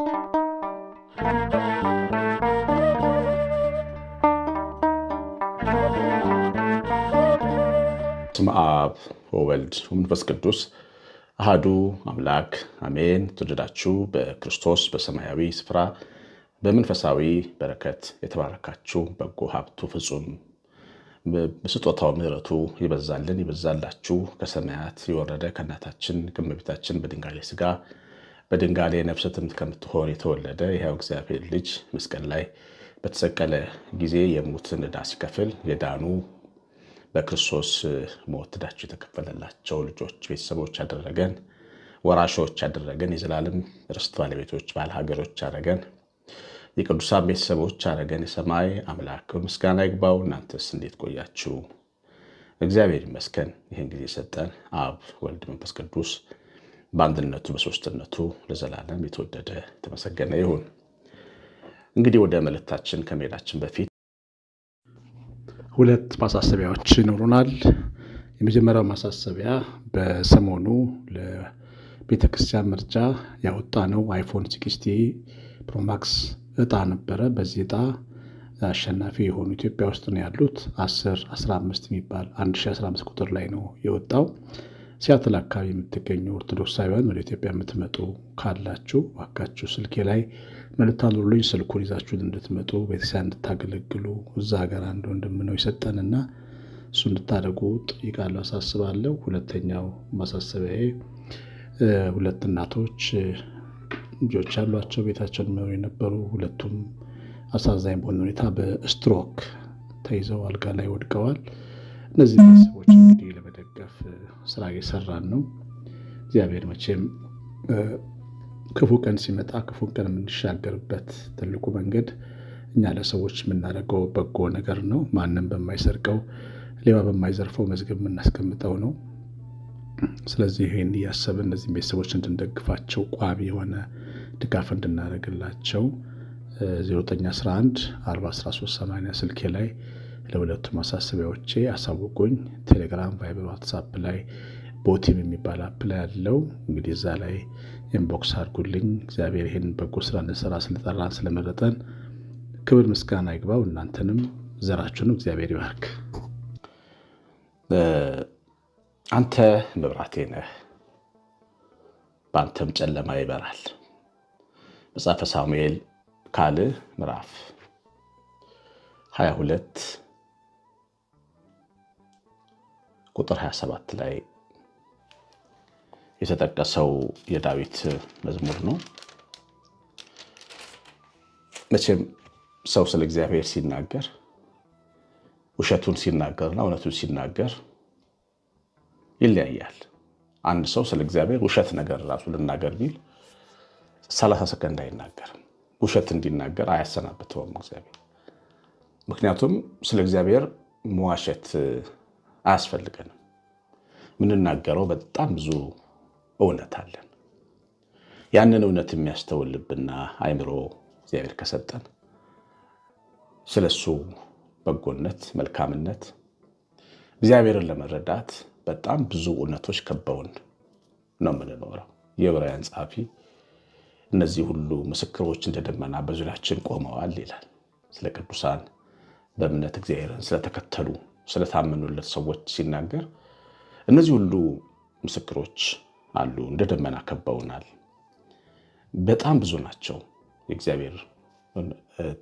በስመ አብ ወወልድ ወመንፈስ ቅዱስ አህዱ አምላክ አሜን። የተወደዳችሁ በክርስቶስ በሰማያዊ ስፍራ በመንፈሳዊ በረከት የተባረካችሁ በጎ ሀብቱ ፍጹም በስጦታው ምሕረቱ ይበዛልን ይበዛላችሁ ከሰማያት የወረደ ከእናታችን ከእመቤታችን በድንጋሌ ሥጋ በድንጋሌ ነፍሰ ትምት ከምትሆን የተወለደ የሕያው እግዚአብሔር ልጅ መስቀል ላይ በተሰቀለ ጊዜ የሞትን ዕዳ ሲከፍል የዳኑ በክርስቶስ ሞት ዕዳቸው የተከፈለላቸው ልጆች ቤተሰቦች ያደረገን፣ ወራሾች ያደረገን፣ የዘላለም ርስት ባለቤቶች ባለሀገሮች ያደረገን፣ የቅዱሳን ቤተሰቦች አረገን። የሰማይ አምላክ ምስጋና ይግባው። እናንተስ እንዴት ቆያችሁ? እግዚአብሔር ይመስገን ይህን ጊዜ ሰጠን። አብ ወልድ መንፈስ ቅዱስ በአንድነቱ በሶስትነቱ ለዘላለም የተወደደ የተመሰገነ ይሁን። እንግዲህ ወደ መልእክታችን ከመሄዳችን በፊት ሁለት ማሳሰቢያዎች ይኖሩናል። የመጀመሪያው ማሳሰቢያ በሰሞኑ ለቤተክርስቲያን ምርጫ ነው። አይፎን ሲክስቲ ፕሮማክስ እጣ ነበረ። በዚህ እጣ አሸናፊ የሆኑ ኢትዮጵያ ውስጥ ነው ያሉት 10 15 የሚባል 1015 ቁጥር ላይ ነው የወጣው ሲያትል አካባቢ የምትገኙ ኦርቶዶክሳዊያን ወደ ኢትዮጵያ የምትመጡ ካላችሁ እባካችሁ ስልኬ ላይ መልእክት አኑሩልኝ። ስልኩን ይዛችሁን እንድትመጡ ቤተሰብ እንድታገለግሉ እዛ ሀገር አንድ ወንድም ነው የሰጠንና እሱ እንድታደጉ ጠይቃለሁ፣ አሳስባለሁ። ሁለተኛው ማሳሰቢያዬ ሁለት እናቶች ልጆች ያሏቸው ቤታቸውን መኖር የነበሩ ሁለቱም አሳዛኝ በሆነ ሁኔታ በስትሮክ ተይዘው አልጋ ላይ ወድቀዋል። እነዚህ ቤተሰቦች እንግዲህ ለመደገፍ ስራ እየሰራን ነው። እግዚአብሔር መቼም ክፉ ቀን ሲመጣ ክፉን ቀን የምንሻገርበት ትልቁ መንገድ እኛ ለሰዎች የምናደርገው በጎ ነገር ነው። ማንም በማይሰርቀው ሌባ በማይዘርፈው መዝገብ የምናስቀምጠው ነው። ስለዚህ ይህን እያሰብን እነዚህ ቤተሰቦች እንድንደግፋቸው ቋሚ የሆነ ድጋፍ እንድናደርግላቸው 0911 4138 ስልኬ ላይ ለሁለቱ ማሳሰቢያዎቼ አሳውቁኝ። ቴሌግራም፣ ቫይበር፣ ዋትሳፕ ላይ ቦቲም የሚባል አፕ ላይ ያለው እንግዲህ እዛ ላይ ኢንቦክስ አድርጉልኝ። እግዚአብሔር ይህን በጎ ስራ እንድንሰራ ስለጠራን ስለመረጠን ክብር ምስጋና ይግባው። እናንተንም ዘራችሁንም እግዚአብሔር ይባርክ። አንተ መብራቴ ነህ፣ በአንተም ጨለማ ይበራል። መጽሐፈ ሳሙኤል ካልዕ ምዕራፍ 22 ቁጥር 27 ላይ የተጠቀሰው የዳዊት መዝሙር ነው። መቼም ሰው ስለ እግዚአብሔር ሲናገር ውሸቱን ሲናገርና እውነቱን ሲናገር ይለያያል። አንድ ሰው ስለ እግዚአብሔር ውሸት ነገር ራሱ ልናገር ቢል ሰላሳ ሰከንድ አይናገርም። ውሸት እንዲናገር አያሰናብተውም እግዚአብሔር። ምክንያቱም ስለ እግዚአብሔር መዋሸት አያስፈልገንም። የምንናገረው በጣም ብዙ እውነት አለን። ያንን እውነት የሚያስተውል ልብና አይምሮ እግዚአብሔር ከሰጠን ስለሱ በጎነት፣ መልካምነት እግዚአብሔርን ለመረዳት በጣም ብዙ እውነቶች ከበውን ነው የምንኖረው። የዕብራውያን ጸሐፊ እነዚህ ሁሉ ምስክሮች እንደ ደመና በዙሪያችን ቆመዋል ይላል። ስለ ቅዱሳን በእምነት እግዚአብሔርን ስለተከተሉ ስለታመኑለት ሰዎች ሲናገር እነዚህ ሁሉ ምስክሮች አሉ፣ እንደ ደመና ከበውናል። በጣም ብዙ ናቸው። የእግዚአብሔር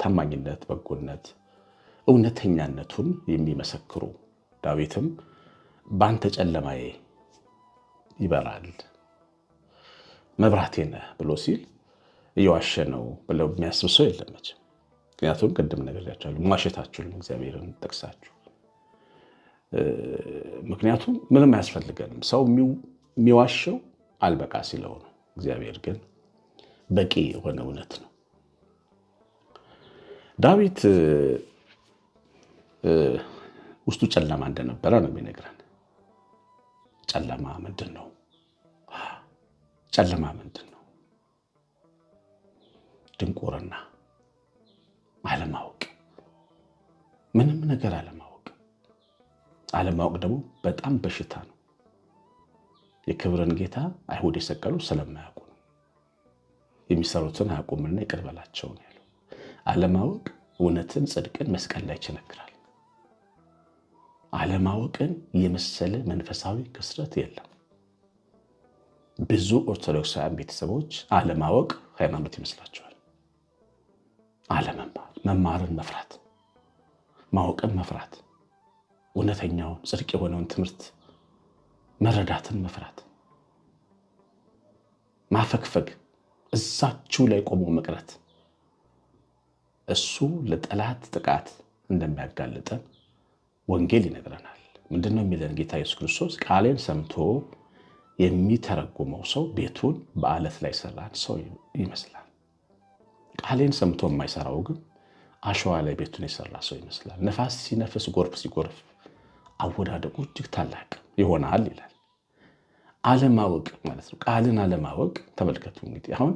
ታማኝነት፣ በጎነት፣ እውነተኛነቱን የሚመሰክሩ ዳዊትም በአንተ ጨለማዬ ይበራል መብራቴ ነህ ብሎ ሲል እየዋሸ ነው ብለው የሚያስብ ሰው የለም። ምክንያቱም ቅድም ነገር ያቸዋል መዋሸታችሁን እግዚአብሔርን ጠቅሳችሁ ምክንያቱም ምንም አያስፈልገንም። ሰው የሚዋሸው አልበቃ ሲለው ነው። እግዚአብሔር ግን በቂ የሆነ እውነት ነው። ዳዊት ውስጡ ጨለማ እንደነበረ ነው የሚነግረን። ጨለማ ምንድን ነው? ጨለማ ምንድን ነው? ድንቁርና፣ አለማወቅ፣ ምንም ነገር አለማወቅ አለማወቅ ደግሞ በጣም በሽታ ነው። የክብርን ጌታ አይሁድ የሰቀሉ ስለማያውቁ ነው። የሚሰሩትን አያውቁምና ይቅር በላቸው ነው ያለው። አለማወቅ እውነትን፣ ጽድቅን መስቀል ላይ ይቸነግራል። አለማወቅን የመሰለ መንፈሳዊ ክስረት የለም። ብዙ ኦርቶዶክሳውያን ቤተሰቦች አለማወቅ ሃይማኖት ይመስላቸዋል። አለመማር፣ መማርን መፍራት፣ ማወቅን መፍራት እውነተኛውን ጽድቅ የሆነውን ትምህርት መረዳትን መፍራት፣ ማፈግፈግ፣ እዛችሁ ላይ ቆሞ መቅረት እሱ ለጠላት ጥቃት እንደሚያጋልጠን ወንጌል ይነግረናል። ምንድን ነው የሚለን ጌታ ኢየሱስ ክርስቶስ? ቃሌን ሰምቶ የሚተረጉመው ሰው ቤቱን በአለት ላይ ሰራን ሰው ይመስላል። ቃሌን ሰምቶ የማይሰራው ግን አሸዋ ላይ ቤቱን የሰራ ሰው ይመስላል። ነፋስ ሲነፍስ፣ ጎርፍ ሲጎርፍ አወዳደቁ እጅግ ታላቅ ይሆናል ይላል። አለማወቅ ማለት ነው። ቃልን አለማወቅ ተመልከቱ። እንግዲህ አሁን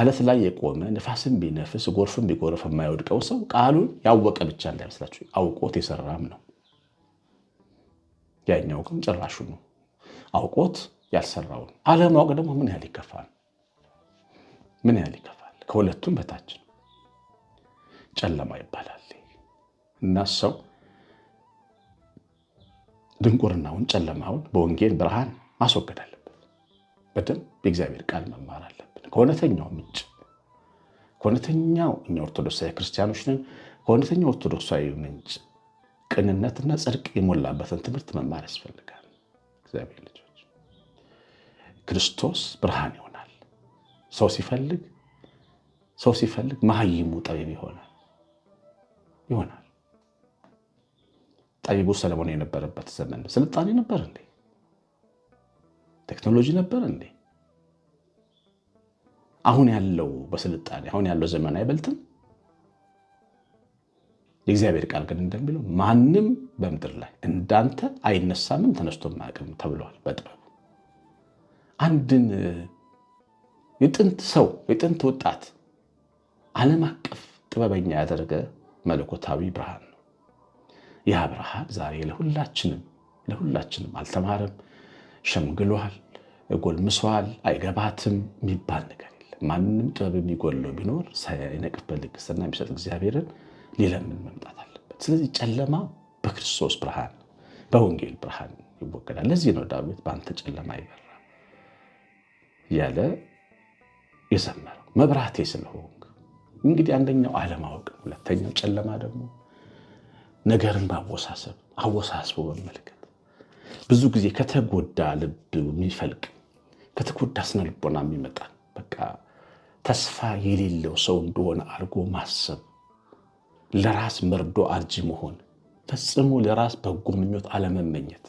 አለት ላይ የቆመ ንፋስን ቢነፍስ ጎርፍን ቢጎርፍ የማይወድቀው ሰው ቃሉን ያወቀ ብቻ እንዳይመስላችሁ አውቆት የሰራም ነው። ያኛው ግን ጭራሹ ነው አውቆት ያልሰራውን። አለማወቅ ደግሞ ምን ያህል ይከፋል? ምን ያህል ይከፋል? ከሁለቱም በታች ጨለማ ይባላል እና ሰው ድንቁርናውን፣ ጨለማውን በወንጌል ብርሃን ማስወገድ አለብን። በደንብ የእግዚአብሔር ቃል መማር አለብን ከእውነተኛው ምንጭ ከእውነተኛው እኛ ኦርቶዶክሳዊ ክርስቲያኖች ነን። ከእውነተኛው ኦርቶዶክሳዊ ምንጭ ቅንነትና ጽድቅ የሞላበትን ትምህርት መማር ያስፈልጋል። እግዚአብሔር ልጆች፣ ክርስቶስ ብርሃን ይሆናል። ሰው ሲፈልግ ሰው ሲፈልግ መሀይሙ ጠቢብ ይሆናል ይሆናል ጠቢቡ ሰለሞን የነበረበት ዘመን ስልጣኔ ነበር እንዴ? ቴክኖሎጂ ነበር እንዴ? አሁን ያለው በስልጣኔ አሁን ያለው ዘመን አይበልጥም? የእግዚአብሔር ቃል ግን እንደሚለው ማንም በምድር ላይ እንዳንተ አይነሳምም ተነስቶ አያውቅም ተብሏል በጥበቡ። አንድን የጥንት ሰው የጥንት ወጣት ዓለም አቀፍ ጥበበኛ ያደረገ መለኮታዊ ብርሃን ያ ብርሃን ዛሬ ለሁላችንም ለሁላችንም አልተማረም፣ ሸምግሏል፣ ጎልምሷል፣ አይገባትም የሚባል ነገር የለም። ማንም ጥበብ የሚጎለው ቢኖር ሳይነቅፍ ልግስና የሚሰጥ እግዚአብሔርን ሊለምን መምጣት አለበት። ስለዚህ ጨለማ በክርስቶስ ብርሃን በወንጌል ብርሃን ይወገዳል። ለዚህ ነው ዳዊት በአንተ ጨለማ ይበራ ያለ የዘመረው መብራቴ ስለሆንክ። እንግዲህ አንደኛው አለማወቅ፣ ሁለተኛው ጨለማ ደግሞ ነገርን በአወሳሰብ አወሳስቦ መመልከት ብዙ ጊዜ ከተጎዳ ልብ የሚፈልቅ ከተጎዳ ስነ ልቦና የሚመጣ በቃ ተስፋ የሌለው ሰው እንደሆነ አድርጎ ማሰብ፣ ለራስ መርዶ አርጂ መሆን፣ ፈጽሞ ለራስ በጎ ምኞት አለመመኘት፣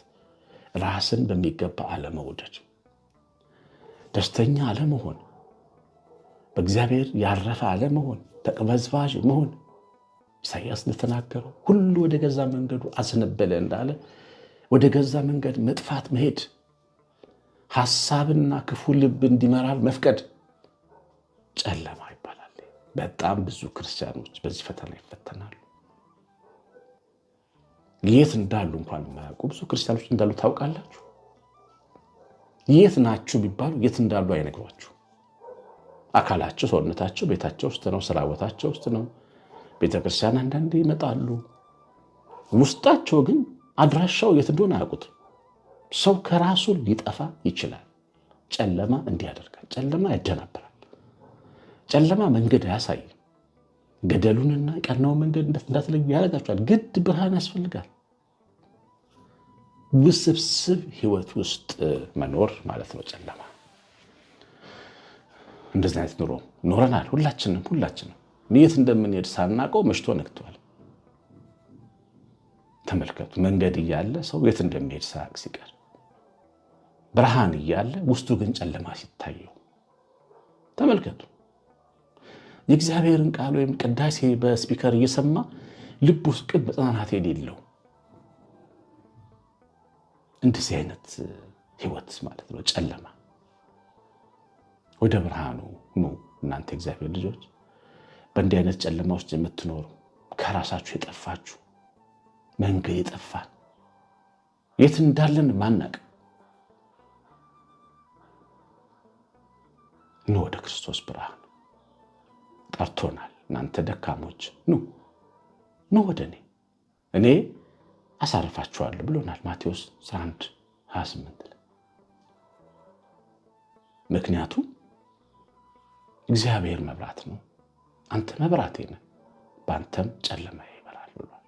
ራስን በሚገባ አለመውደድ፣ ደስተኛ አለመሆን፣ በእግዚአብሔር ያረፈ አለመሆን፣ ተቅበዝባዥ መሆን ኢሳያስ እንደተናገረው ሁሉ ወደ ገዛ መንገዱ አዘነበለ እንዳለ ወደ ገዛ መንገድ መጥፋት መሄድ፣ ሀሳብና ክፉ ልብ እንዲመራል መፍቀድ ጨለማ ይባላል። በጣም ብዙ ክርስቲያኖች በዚህ ፈተና ይፈተናሉ። የት እንዳሉ እንኳን የማያውቁ ብዙ ክርስቲያኖች እንዳሉ ታውቃላችሁ። የት ናችሁ ቢባሉ የት እንዳሉ አይነግሯችሁ። አካላቸው፣ ሰውነታቸው ቤታቸው ውስጥ ነው፣ ስራ ቦታቸው ውስጥ ነው ቤተክርስቲያን አንዳንዴ ይመጣሉ። ውስጣቸው ግን አድራሻው የት እንደሆነ አያውቁት። ሰው ከራሱ ሊጠፋ ይችላል። ጨለማ እንዲህ ያደርጋል። ጨለማ ያደናብራል። ጨለማ መንገድ አያሳይም። ገደሉንና ቀናውን መንገድ እንዳትለዩ ያደርጋቸዋል። ግድ ብርሃን ያስፈልጋል። ውስብስብ ህይወት ውስጥ መኖር ማለት ነው ጨለማ። እንደዚህ አይነት ኑሮ ኖረናል ሁላችንም ሁላችንም የት እንደምንሄድ ሳናቀው መሽቶ ነግቷል። ተመልከቱ፣ መንገድ እያለ ሰው የት እንደሚሄድ ሳያቅ ሲቀር፣ ብርሃን እያለ ውስጡ ግን ጨለማ ሲታየው፣ ተመልከቱ። የእግዚአብሔርን ቃል ወይም ቅዳሴ በስፒከር እየሰማ ልብ ውስጥ ቅድ መጽናናት የሌለው እንደዚህ አይነት ህይወት ማለት ነው ጨለማ። ወደ ብርሃኑ ኑ እናንተ እግዚአብሔር ልጆች በእንዲህ አይነት ጨለማ ውስጥ የምትኖሩ ከራሳችሁ የጠፋችሁ መንገድ የጠፋን የት እንዳለን ማናቅ ኑ ወደ ክርስቶስ ብርሃን ጠርቶናል። እናንተ ደካሞች ኑ ኑ ወደ እኔ እኔ አሳርፋችኋለሁ ብሎናል ማቴዎስ 11 28 ምክንያቱም እግዚአብሔር መብራት ነው። አንተ መብራቴ ነህ፣ በአንተም ጨለማ ይበራል ብሏል።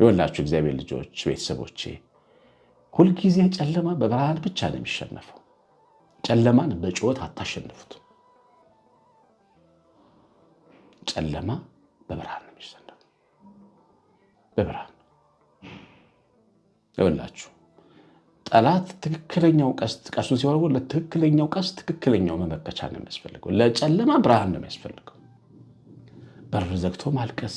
የወላችሁ እግዚአብሔር ልጆች ቤተሰቦቼ፣ ሁልጊዜ ጨለማ በብርሃን ብቻ ነው የሚሸነፈው። ጨለማን በጩኸት አታሸንፉት። ጨለማ በብርሃን ነው የሚሸነፈው። በብርሃን ይወላችሁ ጠላት ትክክለኛው ቀስት ቀስቱን ሲወረውር ለትክክለኛው ቀስት ትክክለኛው መመከቻ ነው የሚያስፈልገው። ለጨለማ ብርሃን ነው የሚያስፈልገው። በር ዘግቶ ማልቀስ፣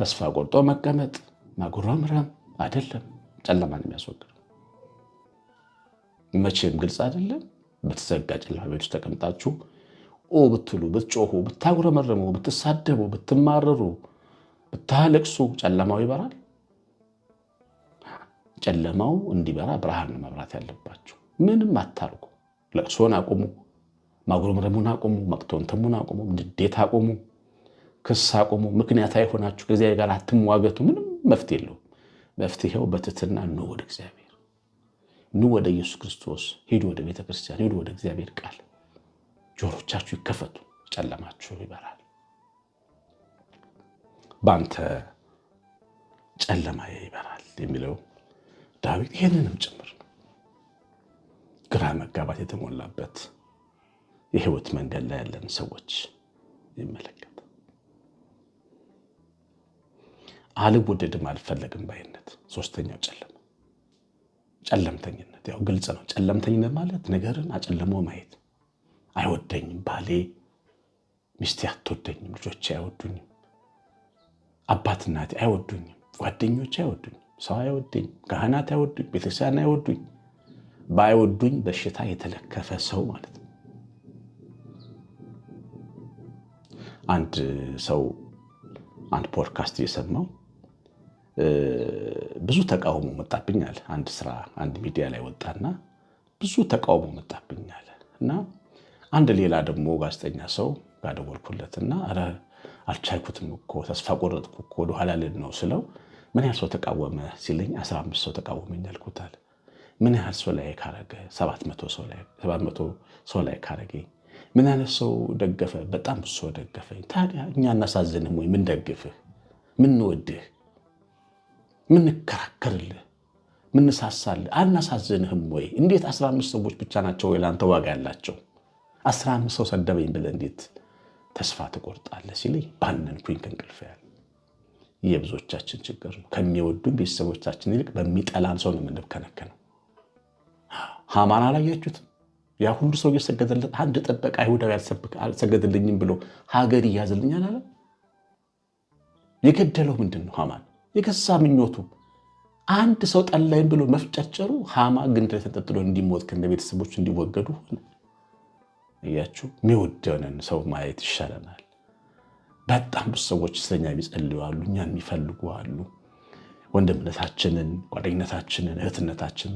ተስፋ ቆርጦ መቀመጥ፣ ማጉረምረም አይደለም። ጨለማ ነው የሚያስወግድ መቼም ግልጽ አይደለም። በተዘጋ ጨለማ ቤት ውስጥ ተቀምጣችሁ ኦ ብትሉ፣ ብትጮሁ፣ ብታጉረመረሙ፣ ብትሳደቡ፣ ብትማረሩ፣ ብታለቅሱ ጨለማው ይበራል። ጨለማው እንዲበራ ብርሃን መብራት ያለባቸው። ምንም አታርጉ። ለቅሶን አቁሙ፣ ማጉረምረሙን አቁሙ፣ መቅቶንተሙን አቁሙ፣ ንዴት አቁሙ፣ ክስ አቁሙ። ምክንያት አይሆናችሁ። ከእግዚአብሔር ጋር አትሟገቱ። ምንም መፍትሄ የለውም። መፍትሄው በትትና ኑ ወደ እግዚአብሔር፣ ኑ ወደ ኢየሱስ ክርስቶስ፣ ሂዱ ወደ ቤተ ክርስቲያን፣ ሂዱ ወደ እግዚአብሔር ቃል። ጆሮቻችሁ ይከፈቱ፣ ጨለማችሁ ይበራል። በአንተ ጨለማ ይበራል የሚለው ዳዊት ይህንንም ጭምር ነው። ግራ መጋባት የተሞላበት የህይወት መንገድ ላይ ያለን ሰዎች ይመለከት። አልወደድም አልፈለግም ባይነት፣ ሶስተኛው ጨለማ ጨለምተኝነት። ያው ግልጽ ነው። ጨለምተኝነት ማለት ነገርን አጨልሞ ማየት። አይወደኝም ባሌ፣ ሚስቴ አትወደኝም፣ ልጆቼ አይወዱኝም፣ አባት እናቴ አይወዱኝም፣ ጓደኞች አይወዱኝም ሰው አይወድኝ፣ ካህናት አይወዱኝ፣ ቤተክርስቲያን አይወዱኝ። ባይወዱኝ በሽታ የተለከፈ ሰው ማለት ነው። አንድ ሰው አንድ ፖድካስት እየሰማው ብዙ ተቃውሞ መጣብኝ አለ። አንድ ስራ አንድ ሚዲያ ላይ ወጣና ብዙ ተቃውሞ መጣብኝ አለ እና አንድ ሌላ ደግሞ ጋዜጠኛ ሰው ጋር ደወልኩለትና አልቻልኩትም እኮ ተስፋ ቆረጥኩ እኮ ወደኋላ ልል ነው ስለው ምን ያህል ሰው ተቃወመ ሲለኝ 15 ሰው ተቃወመኝ ያልኩታል። ምን ያህል ሰው ላይ ካረገ 700 ሰው ላይ ካረገኝ ምን አይነት ሰው ደገፈ? በጣም ብዙ ሰው ደገፈኝ። ታዲያ እኛ እናሳዝንም ወይ? ምን ምንደግፍህ፣ ምንወድህ፣ ምንከራከርልህ፣ ምንሳሳልህ አናሳዝንህም ወይ? እንዴት 15 ሰዎች ብቻ ናቸው ወይ ለአንተ ዋጋ ያላቸው? 15 ሰው ሰደበኝ ብለህ እንዴት ተስፋ ትቆርጣለህ ሲለኝ ባነንኩኝ ከእንቅልፌ ያለ የብዙዎቻችን ችግር ነው። ከሚወዱን ቤተሰቦቻችን ይልቅ በሚጠላን ሰው ነው የምንብከነከነው። ሃማን አላያችሁትም? ያ ሁሉ ሰው እየሰገደለት አንድ ጠበቃ አይሁዳዊ አልሰገድልኝም ብሎ ሀገር እያዝልኛል አለ። የገደለው ምንድን ነው? ሃማን የገዛ ምኞቱ አንድ ሰው ጠላይም ብሎ መፍጨርጨሩ ሃማ ግንድ ላይ ተንጠልጥሎ እንዲሞት ከነ ቤተሰቦች እንዲወገዱ ሆነ። እያችሁ የሚወደንን ሰው ማየት ይሻለናል። በጣም ብዙ ሰዎች ስለኛ የሚጸልዩ አሉ፣ እኛ የሚፈልጉ አሉ። ወንድምነታችንን፣ ጓደኝነታችንን፣ እህትነታችን፣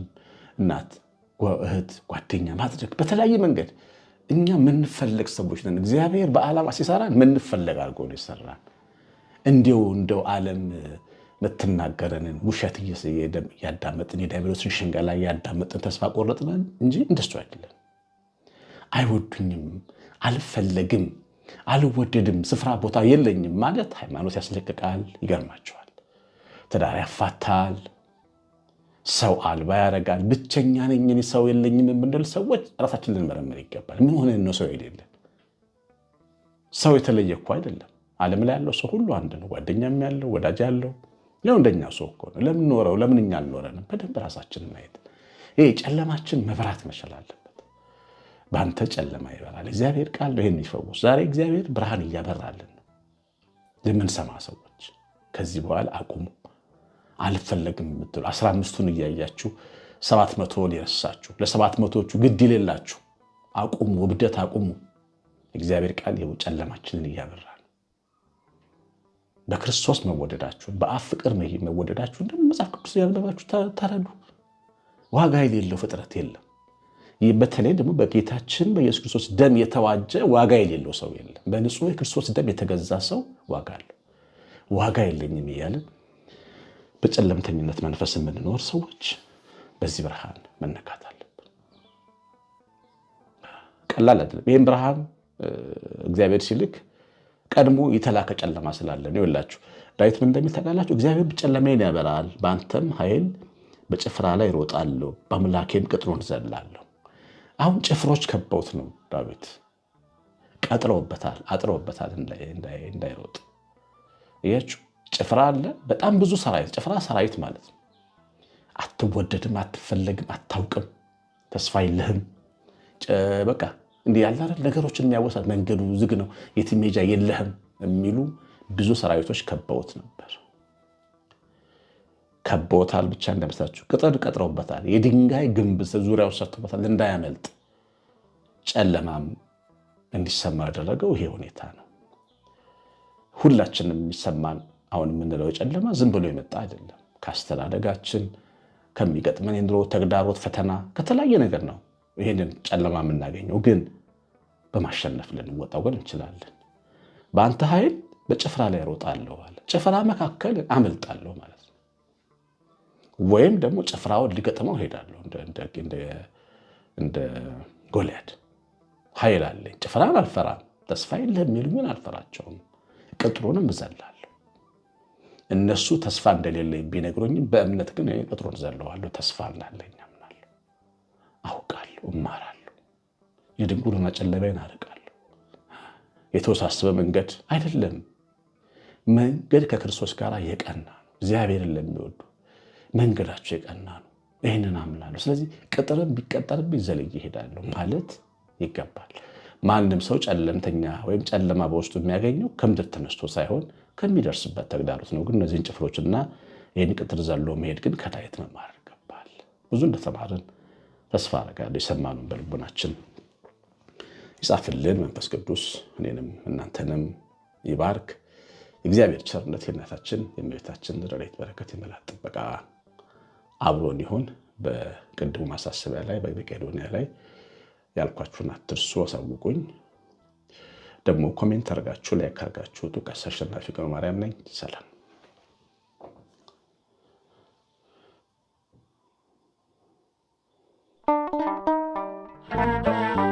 እናት፣ እህት፣ ጓደኛ ማድረግ በተለያየ መንገድ እኛ የምንፈለግ ሰዎች ነን። እግዚአብሔር በዓላማ ሲሰራን ምንፈለግ አድርጎ ነው ይሰራ። እንዲው እንደው ዓለም ምትናገረንን ውሸት እያዳመጥን የዲያብሎስን ሽንገላ እያዳመጥን ተስፋ ቆረጥነን እንጂ እንደሱ አይደለም። አይወዱኝም፣ አልፈለግም አልወደድም፣ ስፍራ ቦታ የለኝም ማለት ሃይማኖት ያስለቅቃል። ይገርማቸዋል። ትዳር ያፋታል፣ ሰው አልባ ያደርጋል። ብቸኛ ነኝ እኔ ሰው የለኝም የምንል ሰዎች ራሳችን ልንመረምር ይገባል። ምን ሆነን ነው ሰው የሌለን? ሰው የተለየ እኮ አይደለም። ዓለም ላይ ያለው ሰው ሁሉ አንድ ነው። ጓደኛም ያለው ወዳጅ ያለው ያው እንደኛ ሰው እኮ ነው። ለምን ኖረው አልኖረንም? በደንብ ራሳችን ማየት ይህ ጨለማችን መብራት መሸላለን በአንተ ጨለማ ይበራል። እግዚአብሔር ቃል ነው ይህን ይፈውስ። ዛሬ እግዚአብሔር ብርሃን እያበራልን ነው። ሰማ ሰዎች ከዚህ በኋላ አቁሙ። አልፈለግም የምትሉ አስራ አምስቱን እያያችሁ ሰባት መቶውን የረሳችሁ ለሰባት መቶዎቹ ግድ የሌላችሁ አቁሙ፣ ውብደት አቁሙ። እግዚአብሔር ቃል ይኸው ጨለማችንን እያበራ በክርስቶስ መወደዳችሁን በአብ ፍቅር መወደዳችሁ እንደ መጽሐፍ ቅዱስ ያነበባችሁ ተረዱ። ዋጋ የሌለው ፍጥረት የለም። በተለይ ደግሞ በጌታችን በኢየሱስ ክርስቶስ ደም የተዋጀ ዋጋ የሌለው ሰው የለም። በንጹህ የክርስቶስ ደም የተገዛ ሰው ዋጋ አለ። ዋጋ የለኝም እያለን በጨለምተኝነት መንፈስ የምንኖር ሰዎች በዚህ ብርሃን መነካት አለብን። ቀላል አይደለም። ይህም ብርሃን እግዚአብሔር ሲልክ ቀድሞ የተላከ ጨለማ ስላለ ነው። ይላችሁ ዳዊት ምን እንደሚል ታውቃላችሁ? እግዚአብሔር ጨለማዬን ያበራል፣ በአንተም ኃይል በጭፍራ ላይ እሮጣለሁ፣ በአምላኬም ቅጥሩን ዘላለሁ። አሁን ጭፍሮች ከበውት ነው ዳዊት ቀጥረውበታል፣ አጥረውበታል እንዳይሮጥ ያችሁ ጭፍራ አለ። በጣም ብዙ ሰራዊት፣ ጭፍራ ሰራዊት ማለት ነው። አትወደድም፣ አትፈለግም፣ አታውቅም፣ ተስፋ የለህም። በቃ እንዲህ ያለ ነገሮችን የሚያወሳት መንገዱ ዝግ ነው፣ የትሜጃ የለህም የሚሉ ብዙ ሰራዊቶች ከበውት ነበር። ከቦታል ብቻ እንዳይመስላችሁ። ቅጥር ቀጥረውበታል። የድንጋይ ግንብ ዙሪያው ሰርቶበታል እንዳያመልጥ። ጨለማም እንዲሰማ ያደረገው ይሄ ሁኔታ ነው። ሁላችንም የሚሰማን አሁን የምንለው የጨለማ ዝም ብሎ የመጣ አይደለም። ከአስተዳደጋችን፣ ከሚገጥመን የኑሮ ተግዳሮት፣ ፈተና ከተለያየ ነገር ነው ይህንን ጨለማ የምናገኘው። ግን በማሸነፍ ልንወጣው ግን እንችላለን። በአንተ ኃይል በጭፍራ ላይ ሮጣለሁ አለ። ጭፍራ መካከል አመልጣለሁ ማለት ወይም ደግሞ ጭፍራውን ሊገጥመው ሄዳለሁ እንደ ጎልያድ ኃይል አለኝ። ጭፍራን አልፈራም፣ ተስፋ የለህም የሚሉኝን አልፈራቸውም። ቅጥሩንም እዘላለሁ። እነሱ ተስፋ እንደሌለኝ ቢነግሩኝም በእምነት ግን ቅጥሩን ዘለዋለሁ። ተስፋ እንዳለኝ አምናለሁ፣ አውቃለሁ፣ እማራለሁ። የድንቁርና ጨለማዬን አርቃለሁ። የተወሳሰበ መንገድ አይደለም። መንገድ ከክርስቶስ ጋር የቀና ነው። እግዚአብሔርን ለሚወዱ መንገዳቸው የቀና ነው። ይህንን አምናለሁ። ስለዚህ ቅጥርም ቢቀጠርብኝ ዘልዬ እሄዳለሁ ማለት ይገባል። ማንም ሰው ጨለምተኛ ወይም ጨለማ በውስጡ የሚያገኘው ከምድር ተነስቶ ሳይሆን ከሚደርስበት ተግዳሮት ነው። ግን እነዚህን ጭፍሮችና ይህን ቅጥር ዘሎ መሄድ ግን ከዳዊት መማር ይገባል። ብዙ እንደተማርን ተስፋ አደርጋለሁ። የሰማነውን በልቡናችን ይጻፍልን። መንፈስ ቅዱስ እኔንም እናንተንም ይባርክ። እግዚአብሔር ቸርነት የእናታችን የእመቤታችን ረድኤት በረከት የመላት ጥበቃ አብሮ እንዲሆን በቅድሙ ማሳሰቢያ ላይ በመቄዶኒያ ላይ ያልኳችሁን አትርሱ፣ አሳውቁኝ። ደግሞ ኮሜንት አርጋችሁ ላይ ካርጋችሁ ጡቀስ አሸናፊ ገብረ ማርያም ነኝ። ሰላም Thank you.